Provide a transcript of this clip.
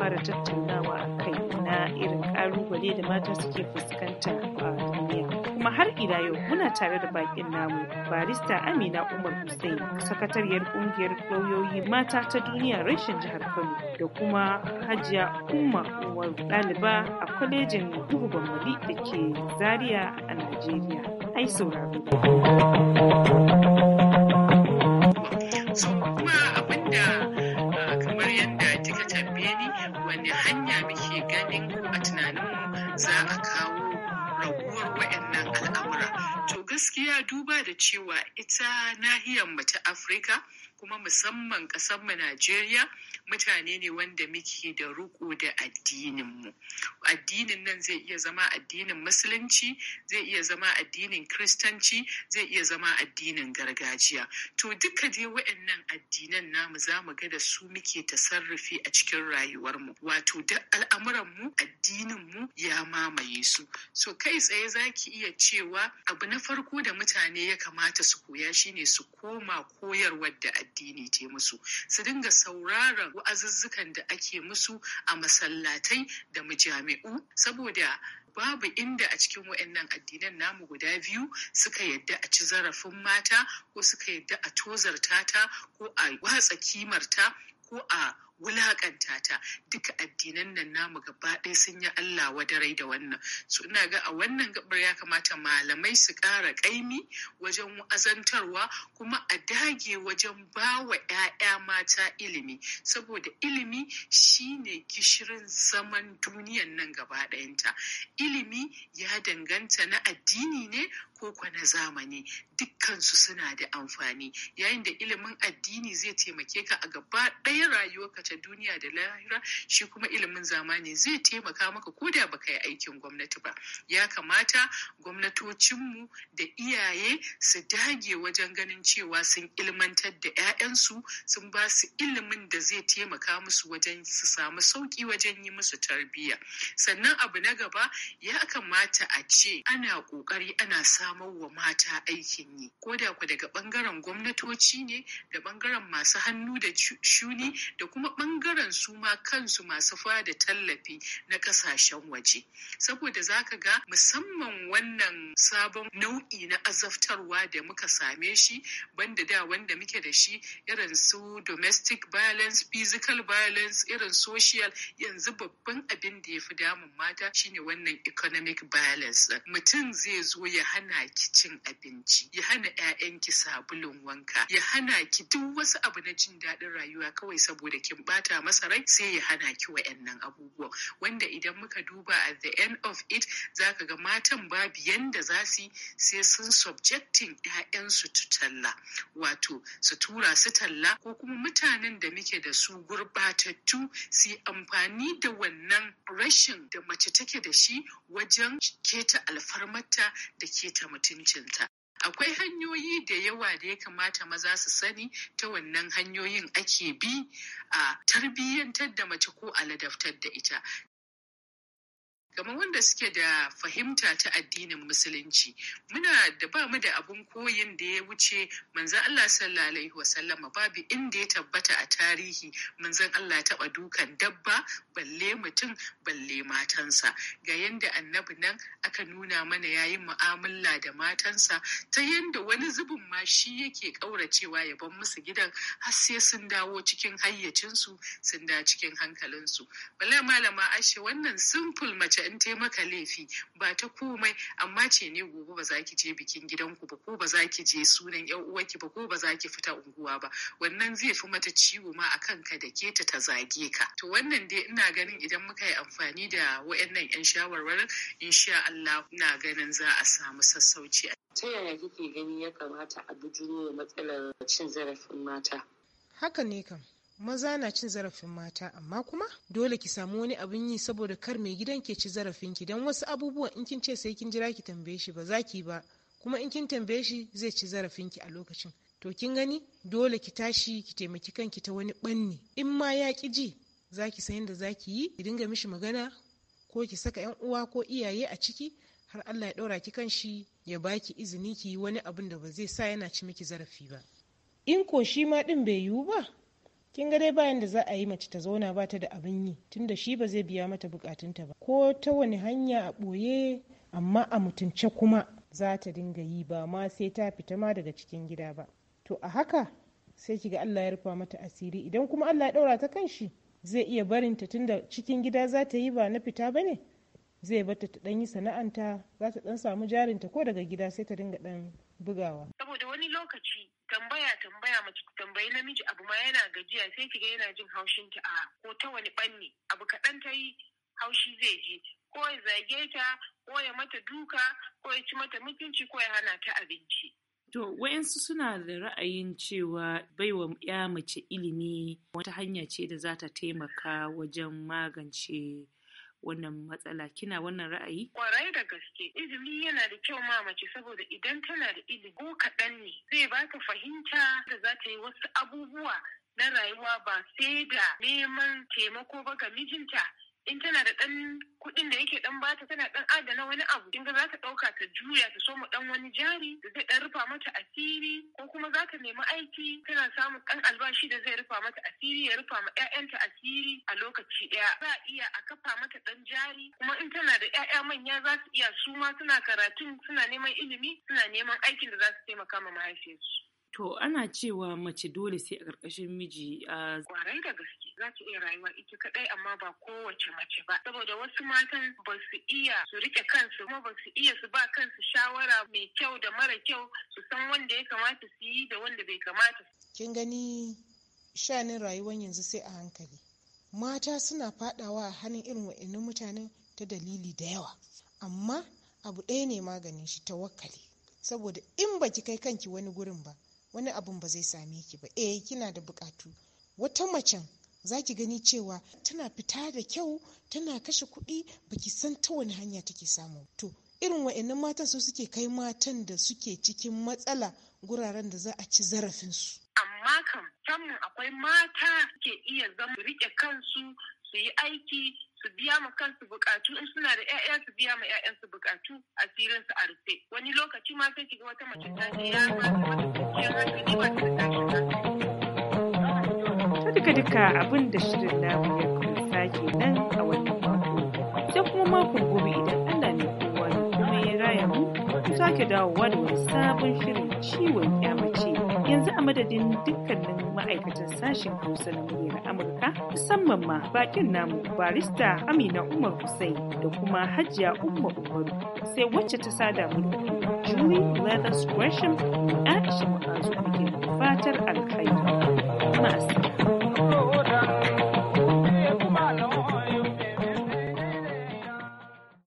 fara tattaunawa a kai na irin ƙalubale da mata suke fuskanta a duniya. Kuma har ila yau muna tare da bakin namu barista Amina Umar Hussein, sakatariyar ƙungiyar lauyoyi mata ta duniya rashin jihar Kano da kuma Hajiya Umma Umar ɗaliba a kwalejin Duhu Bambali da ke Zaria a Najeriya. Ai sauraro. domin a tunaninmu za a kawo raguwar waɗannan al'amura. To gaskiya duba da cewa ita nahiyar mu ta Afirka kuma musamman mu Najeriya mutane ne wanda muke da riko da addinin mu. Addinin nan zai iya zama addinin Musulunci, zai iya zama addinin Kiristanci, zai iya zama addinin gargajiya. To duka dai waɗannan addinan namu za mu ga da su muke tasarrufi a cikin rayuwarmu. Wato duk addinin mu ya mamaye su. So kai tsaye za ki iya cewa abu na farko da mutane ya kamata su koya shine su koma koyarwar da addini. addini ce musu su dinga sauraron wa'azuzzukan da ake musu a masallatai da majami'u saboda babu inda a cikin wa'annan addinan namu guda biyu suka yadda a ci zarafin mata ko suka yadda a tozarta ta ko a watsa kimarta ko a wulakanta ta duka addinan nan namu gaba ɗaya sun yi Allah wadarai da wannan so ina ga a wannan gabar ya kamata malamai su ƙara ƙaimi wajen azantarwa kuma a dage wajen ba wa 'ya'ya mata ilimi saboda ilimi shine gishirin zaman duniyan nan gaba ɗayanta ilimi ya danganta na addini ne ko kwa na zamani duk kansu suna da amfani yayin da ilimin addini zai taimake ka a gaba ɗaya rayuwarka ta duniya da lahira shi kuma ilimin zamani zai taimaka maka ko da baka yi aikin gwamnati ba ya kamata gwamnatocinmu da iyaye su dage wajen ganin cewa sun ilmantar da 'ya'yansu sun ba su ilimin da zai taimaka musu wajen su samu sauki wajen yi musu tarbiyya sannan abu na gaba ya kamata a ce ana ƙoƙari ana samar wa mata aikin yi ko da ku daga bangaren gwamnatoci ne da bangaren masu hannu da shuni da kuma bangaren su ma kansu masu da tallafi na kasashen waje saboda zaka ga musamman wannan sabon nau'i na azaftarwa da muka same shi banda da wanda muke da shi irin su domestic violence physical violence irin social yanzu babban abin da ya fi damun mata shine wannan economic violence mutum zai zo ya hana ki cin abinci ya hana 'ya'yanki sabulun wanka ya hana ki duk wasu abu na jin daɗin rayuwa kawai saboda kin bata masa rai sai ya hana ki wa'annan abubuwa wanda idan muka duba at the end of it za ka ga matan babu yanda za su sai sun subjecting 'ya'yansu to talla wato su tura su talla ko kuma mutanen da muke da su gurɓatattu su yi amfani da wannan rashin da mace take da shi wajen keta alfarmarta da keta mutuncinta akwai hanyoyi da yawa da ya kamata maza su sani ta wannan hanyoyin ake bi a tarbiyyantar da mace ko a ladabtar da ita kamar wanda suke da fahimta ta addinin musulunci muna da ba mu da abun koyin da ya wuce manzan Allah sallallahu wasallama babu inda ya tabbata a tarihi manzan Allah taɓa dukan dabba balle mutum balle matansa ga yadda annabi nan aka nuna mana yayin mu'amala da matansa ta yadda wani zubin ma shi yake kauracewa ya ban musu gidan har sai sun dawo cikin hayyacinsu sun da cikin hankalinsu bala malama ashe wannan simple mace ce in ta maka laifi ba ta komai amma ce ne gobe ba za ki je bikin gidanku ba ko ba za ki je sunan yan uwarki ba ko ba za ki fita unguwa ba wannan zai fi mata ciwo ma akan ka da ke ta ta zage ka to wannan dai ina ganin idan muka yi amfani da wayannan yan shawarwarin insha Allah ina ganin za a samu sassauci ta yaya kike gani ya kamata a bijiro matsalar cin zarafin mata haka ne kam maza na cin zarafin mata amma kuma dole ki samu wani abin yi saboda kar mai gidan ke ci zarafin ki don wasu abubuwan in kin ce sai kin jira ki tambaye shi ba za ki ba kuma in kin tambaye shi zai ci zarafin ki a lokacin to kin gani dole ki tashi ki taimaki kanki ta wani banni in ma ya ki ji za ki san yadda za ki yi ki dinga mishi magana ko ki saka yan uwa ko iyaye a ciki har Allah ya ɗora ki kan shi ya baki izini ki yi wani abin da ba zai sa yana ci miki zarafi ba in ko shi ma ɗin bai yiwu ba kin ga dai bayan da za a yi mace ta zauna ba ta da abin yi tunda shi ba zai biya mata bukatunta ba ko ta wani hanya a ɓoye amma a mutunce kuma za ta dinga yi ba ma sai ta fita ma daga cikin gida ba to a haka sai ki ga Allah ya rufa mata asiri idan kuma Allah ya ɗaura ta kan shi zai iya barinta tunda cikin gida za ta yi ba na fita ba ne zai bata ta ɗan yi sana'anta za ta ɗan samu jarinta ko daga gida sai ta dinga ɗan bugawa. Saboda wani lokaci tambaya tambaya mace tambayi namiji abu ma yana gajiya sai ki ga yana jin haushin ki a ko ta wani banne abu kaɗan ta yi haushi zai je ko ya zage ta ko ya mata duka ko ya ci mata mutunci ko ya hana ta abinci. To, wayansu suna da ra'ayin cewa baiwa ya mace ilimi wata hanya ce da za ta taimaka wajen magance wannan matsala kina wannan ra'ayi? Kwarai da gaske ilimi yana da kyau ma mace saboda idan tana da ilimi ko kaɗan ne zai baka fahimta da za ta yi wasu abubuwa na rayuwa ba sai da neman taimako ba ga mijinta in tana da ɗan kuɗin da yake ɗan bata tana ɗan adana wani abu in ga za ta ɗauka ta juya ta so mu ɗan wani jari da zai ɗan rufa mata asiri ko kuma za nemi aiki tana samun ɗan albashi da zai rufa mata asiri ya rufa ma ƴaƴanta asiri a lokaci ɗaya za a iya a kafa mata ɗan jari kuma in tana da ƴaƴa manya za su iya su ma suna karatun suna neman ilimi suna neman aikin da za su taimaka ma mahaifiyarsu. To ana cewa mace dole sai a ƙarƙashin miji a kwarai da gaske za su iya rayuwa ita kaɗai amma ba kowace mace ba saboda wasu matan ba su iya su rike kansu kuma ba su iya su ba kansu shawara mai kyau da mara kyau su san wanda ya kamata su yi da wanda bai kamata. Kin gani shanin rayuwar yanzu sai a hankali. Mata suna faɗawa a hannun irin wa'annan mutanen ta dalili da yawa amma abu ɗaya ne maganin shi tawakkali saboda in baki kai kanki wani gurin ba wani abun ba zai same ki ba eh kina da bukatu wata macen za ki gani cewa tana fita da kyau tana kashe kuɗi baki san ta wani hanya take samu to irin wa'annan matan su suke kai matan da suke cikin matsala guraren da za a ci zarafinsu amma kan samun akwai mata ke iya zama riƙe kansu su yi aiki su biya ma kansu bukatu in suna da 'ya'ya su biya ma 'ya'yansu bukatu a asirin su a rufe wani lokaci ma sai kiga wata mace ta je ya wata wata. ba ta ta duka duka abin da shirin namu ya sake nan a wannan mako sai kuma makon gobe idan Allah ne kowa kuma ya raya mu sake dawowa da wani sabon shirin ciwon kyamata yanzu a madadin dukkanin ma'aikatan sashen hausa na muryar amurka musamman ma bakin namu barista amina umar hussein da kuma hajiya umar umaru sai wacce ta sada mu julie leathers gresham aisha mu'azu fatar alkhairi